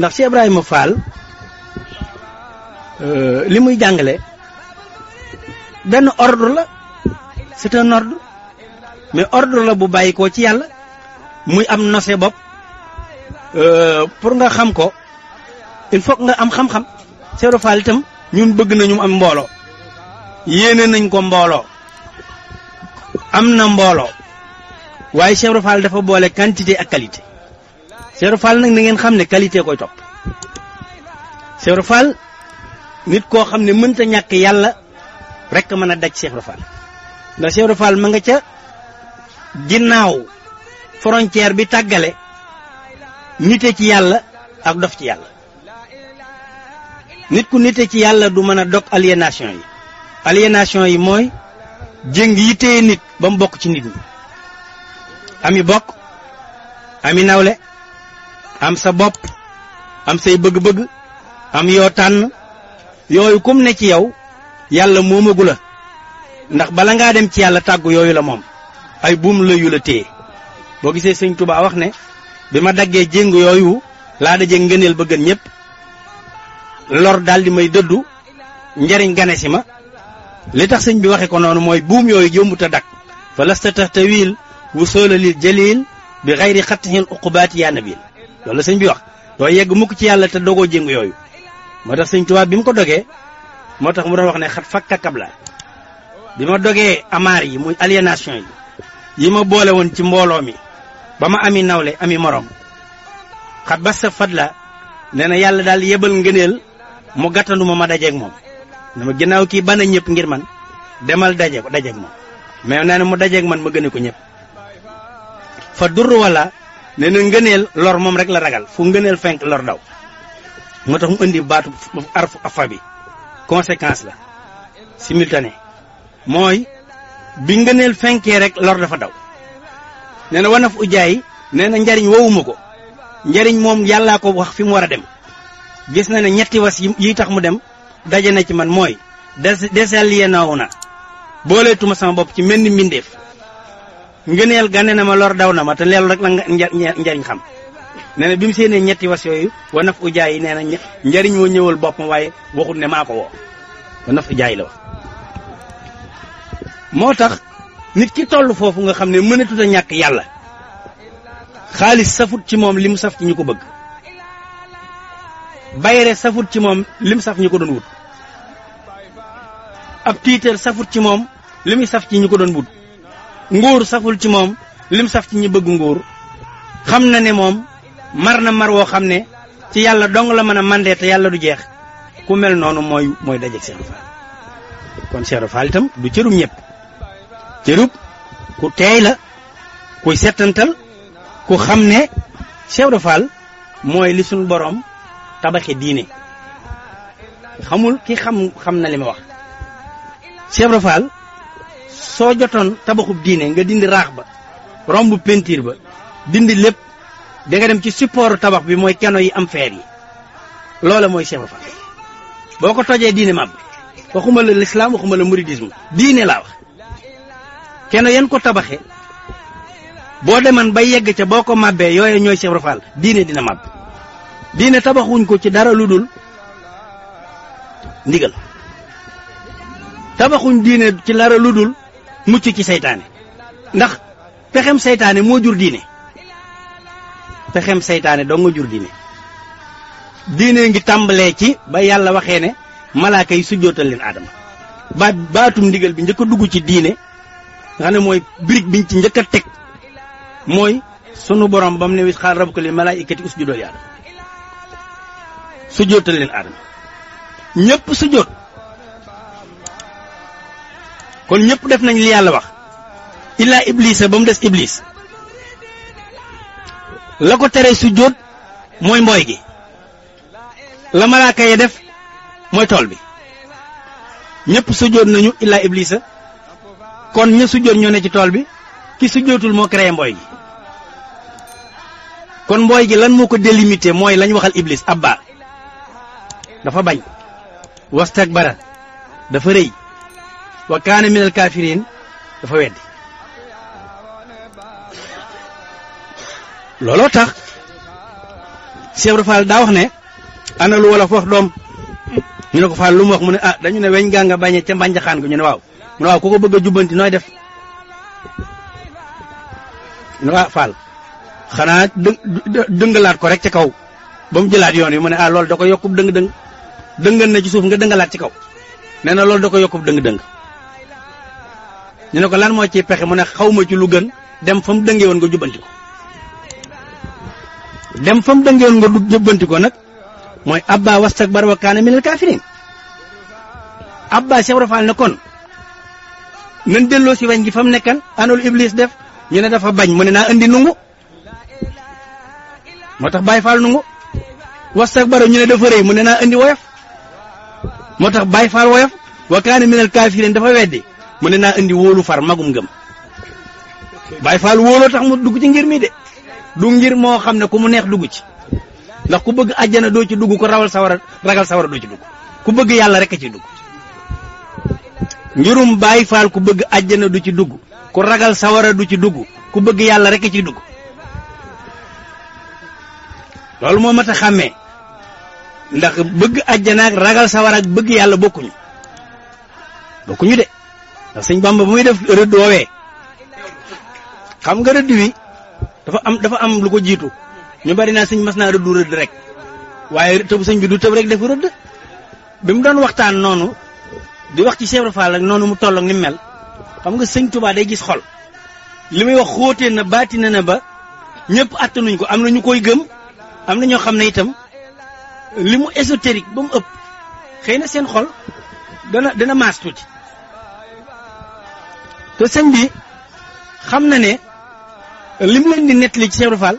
ndax Cheikh Ibrahima Fall euh, li muy jàngale benn ordre la c'est un mais ordre la bu bàyyi ko ci yàlla muy am nose bopp euh, pour nga xam ko il faut nga am xam-xam Cheikh Ibrahima Fall itam ñun bëgg nañu am mbooloo yéene nañ ko mbooloo am na mbooloo waaye Cheikh Ibrahima dafa boole quantité ak qualité Seeru fal nak na ngeen xamne ne qualité koy top. Seeru fal nit ko xamne mën ta ñak yalla rek mëna daj Seeru Fall ndax Seeru Fall ma nga ca ginnaw frontière bi tagalé nité ci yalla ak dof ci yalla nit ku nité ci yalla du mëna dok aliénation yi aliénation yi mooy jëng yittee nit bam bok ci nit ñi ami bok ami nawlé am sa bopp am say bëgg-bëgg am yoo tànn yooyu kum ne ci yow yàlla moomagu la ndax bala ngaa dem ci yàlla tàggu yooyu la moom ay buum la yu la téye boo gisee sëñ Tuubaa wax ne bi ma daggee jéng yooyu laa daje ngëneel ba gën ñëpp lor daal di may dëddu njariñ gane si ma li tax sëñ bi waxe ko noonu mooy buum yooyu jëmbut a dag fa lasta tax tawiil wu soolalil jalil bi xayri xattixin uqubaati yaa nabil loolu la sëñ bi wax doo yegg mukk ci yàlla te dogoo jéngu yooyu moo tax sëñ Tuubaa bi mu ko dogee moo tax mu doon wax ne xat fakka kabla bi ma dogee amaar yi muy aliénation yi yi ma boole woon ci mbooloo mi ba ma ami nawle ami moroom xat ba sa fadla nee na yàlla daal yebal ngëneel mu gàttandu ma ma dajeeg moom dama ginnaaw kii bana ñëpp ngir man demal daje ko dajeeg moom mais nee mu dajeeg man ma gëne ko ñëpp fa dur wala nee na ngëneel lor moom rek la ragal fu ngëneel fenk lor daw moo tax mu indi baatu arfu afa bi conséquence la simultané mooy bi ngëneel fenkee rek lor dafa daw nee na wanaf ujaay nee na njariñ wowuma ko njariñ moom yàllaa ko wax fi mu war a dem gis na ne ñetti was yi tax mu dem daje na ci man mooy des desalié naaw na booleetuma sama bopp ci mel ni ngeneel gane na ma lor daw na ma té leelu rek la njariñ xam nee na bi mu ñetti was yoyu wa naf u jaay nee na njariñ moo ñëwal boppam waaye waxut ne maa ko woo wa naf u jaay la wax motax nit ki tollu fofu nga xamné mëna tuta ñak yalla yàlla safut ci mom lim saf ci ñuko bëgg bayere safut ci mom lim saf ñuko doon wut ab tiitar safut ci mom li saf ci ñuko doon wut nguur saful ci moom lim saf ci ñi bëgg nguur xam na ne moom mar na mar woo xam ne ci yàlla dong la mën a mandee te yàlla du jeex ku mel noonu mooy mooy dajeeg Cheikh kon Cheikh Fall itam du cërub ñëpp cërub ku teey la kuy settantal ku xam ne Cheikh Fall mooy li suñu boroom tabaxe diine xamul ki xam xam na li wax Cheikh Fall soo jotoon tabaxub diine nga dindi raax ba romb peinture ba dindi lépp da dem ci support tabax bi mooy keno yi am feer yi loole mooy Cheikh Fall boo ko tojee diine mab waxuma la l'islam waxuma la mouridisme diine laa wax keno yan ko tabaxee boo deman ba yegg ca boo ko màbbee yooye ñooy Cheikh Fall diine dina màbb diine tabaxuñ ko ci dara lu dul ndigal tabaxuñ diine ci dara lu dul mucc ci seytaane ndax pexem seytaane moo jur diine pexem seytaane doo nga jur diine diine ngi tàmbalee ci ba yàlla waxee ne malaaka yi sujjootal leen aadama baat baatum ndigal bi njëkk dugg ci diine nga xam ne mooy birig bi ci njëkk teg mooy sunu borom ba mu ne wis xaar rabbuka lil malaa'ikati usjudu li aadama sujjootal leen kon ñëpp def nañ li yàlla wax illa iblisa ba mu des iblis la ko tere sujjóot mooy mbooy gi la malaaka ya def mooy tool bi ñëpp nañu illa iblisa kon nyepu sujjóot ñoo ne ci tool bi ki sujjóotul moo créé mbooy gi kon mbooy gi lan moo ko délimité mooy lañ waxal iblis abba dafa bañ wastakbara dafa rëy wa kaane min al kaafiriin dafa weddi looloo tax Cheikh Ibra daa wax ne ana lu wolof wax doom ñu ne ko Fall lu mu wax mu ne ah dañu ne weñ gaa nga bañe ca mbànjaxaan gi ñu ne waaw mu ne waaw ku ko bëgg a jubbanti nooy def ñu ne ah Fall xanaa dë dëngalaat ko rek ca kaw ba mu jëlaat yoon wi mu ne ah loolu da ko yokkub dëng-dëng dëngal na ci suuf nga dëngalaat ci kaw nee na loolu da ko yokku dëng-dëng ñu ne ko lan moo ciy pexe mu ne xawma ci lu gën dem fa mu dëngee woon nga jubbanti ko dem fa mu dëngee nga jubbanti ko nag mooy abba wastakbara wa kaana minal kaafiriin abba Cheikh Rafal ne kon nañ delloo si weñ gi fa mu nekkan anul iblis def ñu ne dafa bañ mu ne naa indi nungu moo tax Baye Fall nungu wastakbara ñu ne dafa rëy mu ne naa indi woyof moo tax Baye Fall woyof wa kaana minal kaafiriin dafa weddi mu ne naa indi wóolu far magum ngëm Baay Faal wóoloo tax mu dugg ci ngir mi de du ngir moo xam ne ku mu neex dugg ci ndax ku bëgg àjjana doo ci dugg ku rawal sawara ragal sawara doo ci dugg ku bëgg yàlla rek a ci dugg ngirum Baay Faal ku bëgg àjjana du ci dugg ku ragal sawara du ci dugg ku bëgg yàlla rek a ci dugg loolu moo mat a xàmmee ndax bëgg àjjana ragal sawara bëgg yàlla bokkuñu bokkuñu de sëñ bamba bu muy def rëdd woowee xam nga rëdd wi dafa am dafa am lu ko jiitu ñu bari naa sëñ mas naa rëddu rëdd rek waaye tëb sëñ bi du tëb rek def rëdd bi mu doon waxtaan noonu di wax ci Cheikh Ibra Fall noonu mu toll ak ni mel xam nga sëñ Tuubaa day gis xol li muy wax xóotee na baati na na ba ñëpp attanuñ ko am na ñu koy gëm am na ñoo xam na itam li mu ésotérique ba mu ëpp xëy na seen xol dana dana maas tuuti te sëñ bi xam na ne lim mu leen di nettali ci Cheikh fal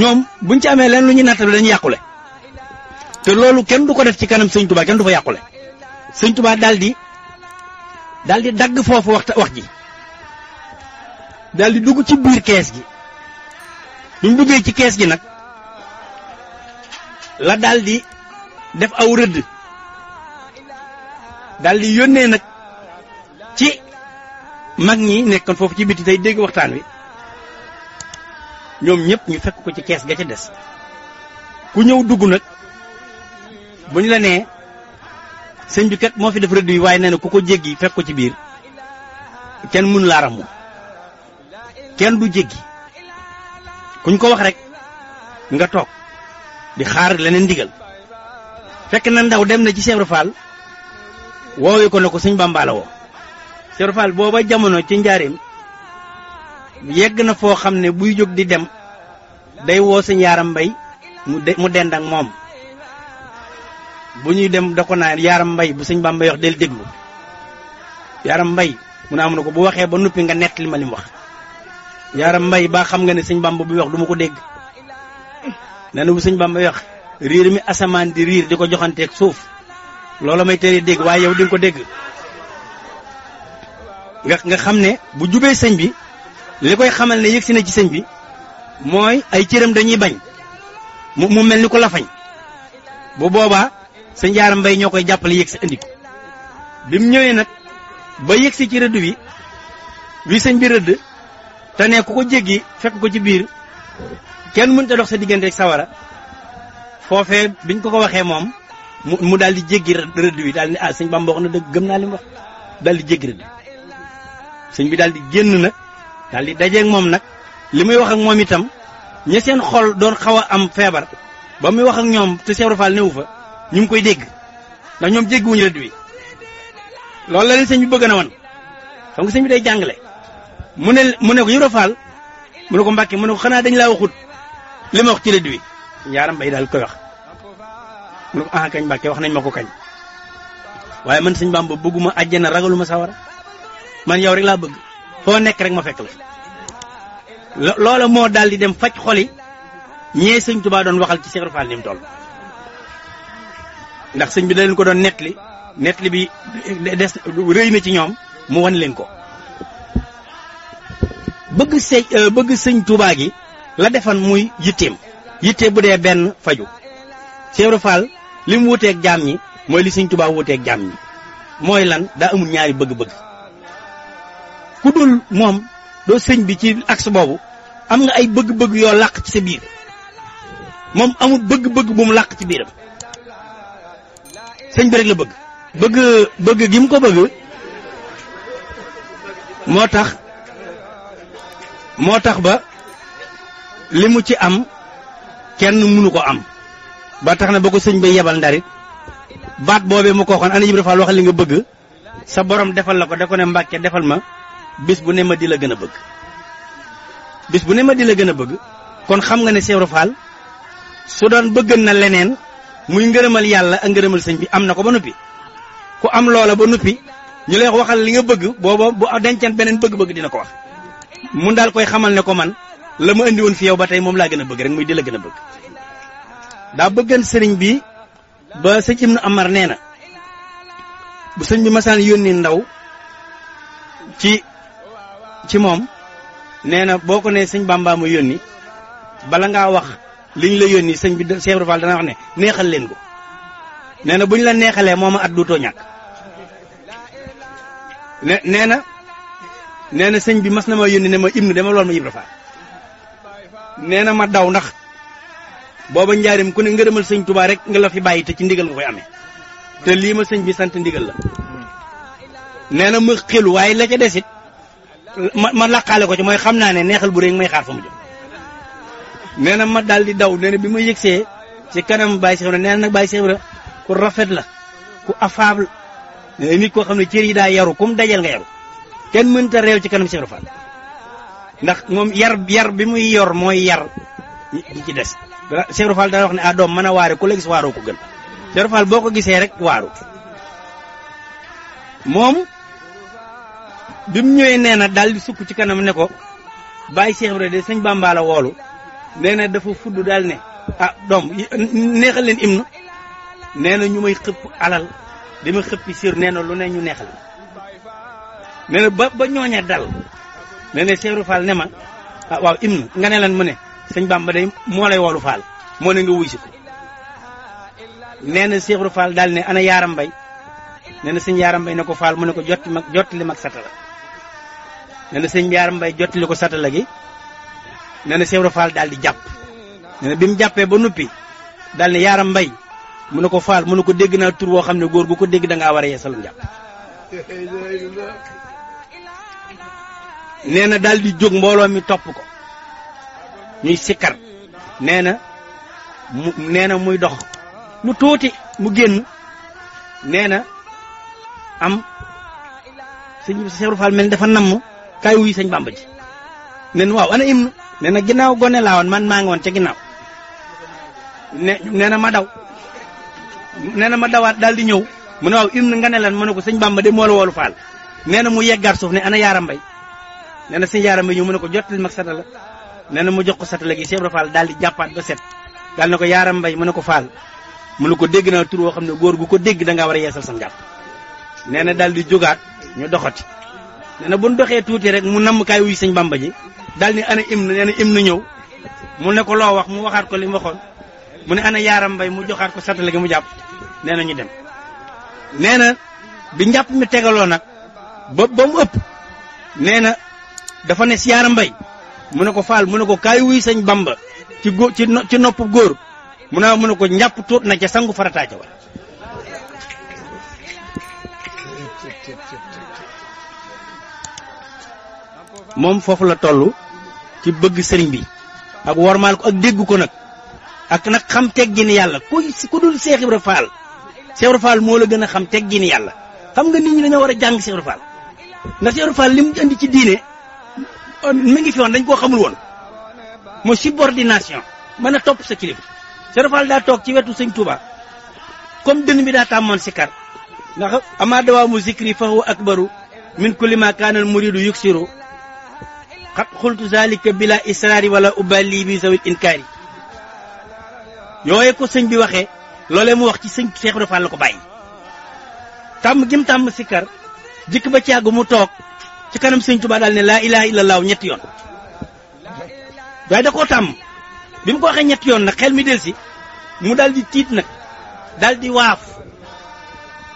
ñoom buñ ci amee leen lu ñuy nattale dañuy yàqule te loolu kenn du ko def ci kanam sëñ Touba kenn du fa yàqule sëñ Touba daal dagg foofu wax wax ji daal dugg ci biir kees gi bi mu duggee ci kees gi nag la daldi def aw rëdd daal yónnee nag ci mag ñi nekkoon foofu ci biti tey dégg waxtaan wi ñoom ñëpp ñu fekk ko ci kees ga ca des ku ñëw dugg nag bu ñu la nee sëñ bi kat moo fi def rëdd yi waaye nee na ku ko jéggi fekk ko ci biir kenn mënu laa ramu kenn du jéggi kuñ ko wax rek nga toog di xaar leneen digal fekk na ndaw dem na ci Cheikh Fall woowee ko ne ko sëñ Bamba woo Cheikh Fall booba jamono ci njaarim yegg na foo xam ne buy jóg di dem day woo yaaram mbay mu dend ak moom bu dem da ko naan yaaram mbay bu yox del déglu yaaram mbay mu ko bu waxee ba nuppi nga nett li ma lim wax yaaram mbay ba xam nga ne sëñ bàmba bu wax duma ko dégg nee na bu wax riir mi asamaan di riir di ko joxanteeg suuf loola may tere dégg waaye yow di ko dégg nga nga xam ne bu jubee sëñ bi li koy xamal ne yëgsi na ci sëñ bi mooy ay cëram dañuy bañ mu mu mel ni ko lafañ bu boobaa sëñ jaaram bay ñoo koy jàppale yëgsi indi ko bi mu ñëwee nag ba yëgsi ci rëdd wi wi sëñ bi rëdd te ne ku ko jéggi fekk ko ci biir kenn mënta dox sa diggante ak sawara foofee biñ ko ko waxee moom mu mu daal di jéggi rëdd wi daal di ah sëñ bàmba na dëgg gëm naa li mu wax daal di jéggi rëdd sëñ bi daal di génn nag daal di dajeeg moom nag li muy wax ak moom itam ña seen xol doon xaw a am feebar ba muy wax ak ñoom te Cheikh Ibra Fall newu fa ñu ngi koy dégg ndax ñoom jéggiwuñu rëdd wi loolu la leen sëñ bi bëgg na wan xam nga sëñ bi day jàngale mu ne mu ne ko Ibra mu ne ko Mbàkke mu ne ko xanaa dañ laa waxut li wax ci rëdd wi yaaram bay daal koy wax mu ne ko ah kañ Mbàkke wax nañ ma ko kañ waaye man sëñ Bamba bëgguma àjjana ragaluma sawara man yow rek laa bëgg foo nekk rek ma fekk la loola moo daal di dem faj xoli ñee sëñ Tuubaa doon waxal ci Cheikh Ibra Fall ni ndax sëñ bi da leen ko doon nettali nettali bi des rëy na ci ñoom mu wan leen ko bëgg euh, sëñ tubaa gi la defan muy yitteem yitte bu dee benn faju Cheikh Ibra Fall li mu wuteeg jaam ñi mooy li sëñ Tuubaa wuteeg jaam ñi mooy lan daa amul ñaari bëgg-bëgg ku dul moom doo sëñ bi ci axe boobu am nga ay bëgg-bëgg yoo làq ci sa biir moom amul bëgg-bëgg bu mu làq ci biiram sëñ bi rek la bëgg bëgg bëgg gi mu ko bëgg moo tax moo tax ba li mu ci am kenn mënu ko am ba tax na ba ko sëñ bay yebal ndarit baat boobee mu ko waxoon ana Ibra Fall wax li nga bëgg sa borom defal la ko da ko ne Mbàkke defal ma bis bu ne ma di la gën bëgg bis bu ne ma di la gën bëgg kon xam nga ne Cheikh Rofal su doon bëgg na leneen muy ngërëmal yàlla ak ngërëmal sëñ bi am na ko ba nuppi ku am loola ba nuppi ñu lay waxal li nga bëgg booba bu dencen beneen bëgg-bëgg dina ko wax mun daal koy xamal ne ko man la ma indi woon fi yow ba tey moom laa gën a bëgg rek muy di la gën a bëgg daa bëggan sëriñ bi ba sëñ Ibnu Amar nee bu sëñ bi masaan yónni ndaw ci ci moom nee na boo ko nee sëñ baa Bàmbaa ma yónni bala ngaa wax liñ la yónni sëñ bi Cheikh Ibra dana wax ne neexal leen ko nee na buñ la neexalee moom at duutoo ne nee na nee na sëñ bi mas na ma yónni ne ma ibnu dama lool ma Ibra Fall nee na ma daw ndax booba njaarim ku ne ngërëmal sëñ Tuubaa rek nga la fi bàyyi te ci ndigal nga koy amee te lii ma sëñ bi sant ndigal la nee na ma waaye la desit ma lakale ko ci moy xamna ne neexal bu reeng may xaar famu jëm neena ma daal di daw neena na bi ma yëgsee ci kanam Baye Cheikh neena nak na Baye Cheikh Ibra ku rafet la ku afable nee nit koo xam ne cër yi daa yaru kum dajal nga yaru ken mën ta rew ci kanam Cheikh Ibra ndax mom yar yar bi muy yor moy yar di ci dess Cheikh Ibra da wax ne adom ah, mana waré a waare ku la gis ko gën Cheikh Ibra boko gisé rek waru mom bi mu ñëwee nee na daal di sukk ci kanam ne ko bàyyi Cheikh Ibrahima de sëñ bàmbaala woolu nee na dafa fudd daal ne a ah, doom neexal leen im na na ñu may xëpp alal di ma xëppi sir nee na lu ne ñu neexal nee na ba ba ñooña dal nee na Cheikh Fall ne ma ah waaw im na nga ne lan mu ne sëñ Bamba day moo lay woolu Fall moo ne nga wuy si ko nee na Cheikh Fall daal ne ana yaaram bay nee na sëñ yaaram bay ne ko Fall mu ne ko jot mag jot li mag satala nee na sëñ Ndiar mbay jottali ko satala gi nee na Fall daal di jàpp nee na bi mu jàppee ba nuppi daal ne yaram mbay mu ne ko faal mu ne ko dégg naa tur woo xam ne góor gu ko dégg da ngaa war a njàpp nee na di jóg mbooloo mi topp ko ñuy sikkar nee na mu nee na muy dox lu tuuti mu génn nee am sëñ Cheikh Fall mel dafa namm kaay wuy sañ bamba ji ne waaw ana im ne na ginnaaw gone laa woon man maa ngi ca ginnaaw ne na ma daw nee na ma dawaat daal di ñëw mu ne waaw im nga ne lan ma ne ko sëñ bamba de moo la woolu faal nee mu yeggaat suuf ne ana yaaram bay nee na sëñ yaaram bay ñëw mën ne ko jot mag sata la na mu jox ko satala gi Cheikh Ibra Fall daal di jàppaat ba set daal na ko yaaram mbay mu ne ko faal mën ne ko dégg naa tur woo xam ne góor gu ko dégg da ngaa war a yeesal sa njàpp nee na daal di jógaat ñu doxati nee na doxé touti rek mu nam kay wuy señ bamba ji dal ni ana imna na imna ñew mu ne ko lo wax mu waxat ko lim waxon mu ne ana yaram bay mu joxat ko satale gi mu japp nee ñu dem nee bi japp mi tegaloo nak ba ba mu upp nee dafa ne si bay mu ne ko faal mu ne ko kay wuy señ bamba ci ci ci nopp goor mu ne mu ne ko na ci sangu farata ci moom foofu la toll ci bëgg sëriñ bi ak wormaal ko ak dégg ko nag ak nag xam teggin yàlla kuy ku dul Cheikh Ibra Fall Cheikh Ibra Fall moo la gën a xam teggin yàlla xam nga nit ñi dañoo war a jàng Cheikh Ibra Fall ndax Cheikh Ibra Fall li mu indi ci diine mi ngi fi dañ koo xamul woon mooy subordination mën a topp sa kilifa Cheikh Ibra Fall daa toog ci wetu sëñ Touba comme dënn bi daa tàmmoon sikar ndax ama dawaamu zikri fa huwa akbaru min kulli ma kaanal muridu قد قلت ذلك بلا wala ubali أبالي بذوي الإنكار yooye ko sëñ bi waxee loolee mu wax ci sëñ Cheikh Ibra Fall ko bàyyi tàmm gim tam sikkar jikk ba ci àgg mu toog ci kanam sëñ Tuubaa daal ne laa ilaha illallah ñetti yoon waaye da koo tàmm bi mu ko waxee ñetti yoon nag xel mi del si mu daal di tiit nag daal di waaf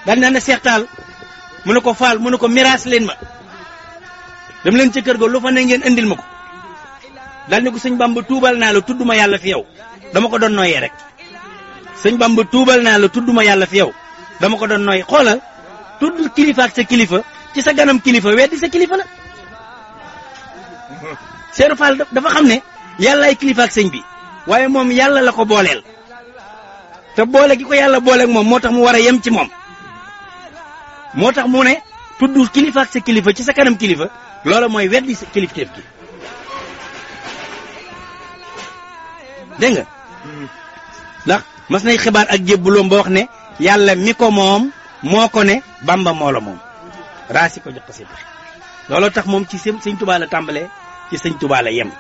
daal ne na seextaal mu ne ko faal mu ne ko miraas leen ma dem leen ca kër ga lu fa ne ngeen indil ma ko daal ni ko sëñ bamba tuubal naa la tudduma yàlla fi yow dama ko doon nooyee rek sëñ bamba tuubal naa la tudduma yàlla fi yow dama ko doon nooy xoolal tudd kilifa sa kilifa ci sa ganam kilifa weddi sa kilifa la Seeru Faal dafa xam ne yàllaay kilifa ak sëñ bi waaye moom yàlla la ko booleel te boole gi ko yàlla booleek moom moo tax mu war a yem ci moom moo tax mu ne tudd kilifa sa kilifa ci sa kanam kilifa loola mooy weddi kilifteef gi dégg nga ndax mas nay xibaar ak jébbuloom ba wax ne yàlla mi ko moom moo ko ne bamba moo moom raasi ko jox ko seen pexe looloo tax moom ci sëñ tubaa la tàmbalee ci sëñ tubaa yem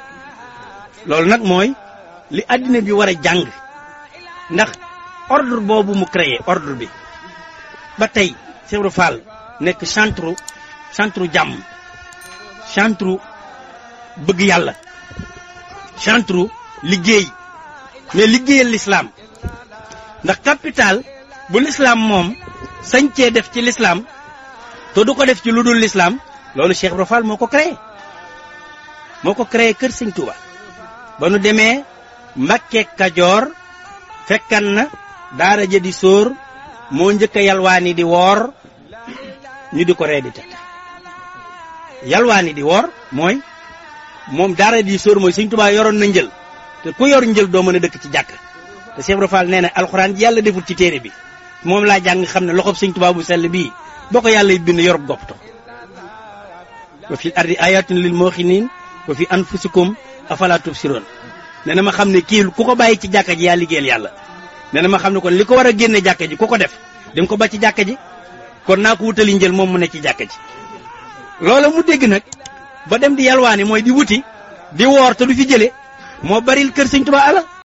loolu nag mooy li àddina bi war a jàng ndax ordre boobu mu créé ordre bi ba tey Cheikh Ibra nekk chantre chantre jàmm centre bëgg yàlla centre liggéey mais liggéeyal lislaam ndax capital bu lislaam moom sañ cee def ci lislaam te du ko def ci lu dul lislaam loolu Cheikh Ibra moo ko créé moo ko créé kër Sëñ Tuuba ba nu demee Mbàkke Kajoor fekkan na daara ja di sóor moo njëkk a yalwaani di woor ñu di ko reedita yalwaani di woor mooy moom daara di sóor mooy Sëñ yoroon na njël te ku yor njël doo mën a dëkk ci jàkk te Cheikh Ibra Fall nee alxuraan yàlla deful ci téere bi moom laa jàng xam ne loxob Sëñ Tuubaa bu sell bii boo ko yàlla bind yorub goppto wa fi ardi ayatun lil muqinin wa fi anfusikum afala tubsiroon nee na ma xam ne kii ku ko bàyyi ci jàkka ji yaa liggéeyal yàlla nee na ma xam ne ko li ko war a génne jàkka ji ku ko def dem ko ba ci jàkka ji kon naa ko wutali njël moom mu ne ci jàkka ji loola mu dégg nag ba dem di yalwaani mooy di wuti di woor te du fi jële moo baril kër sëñ Tuubaa alal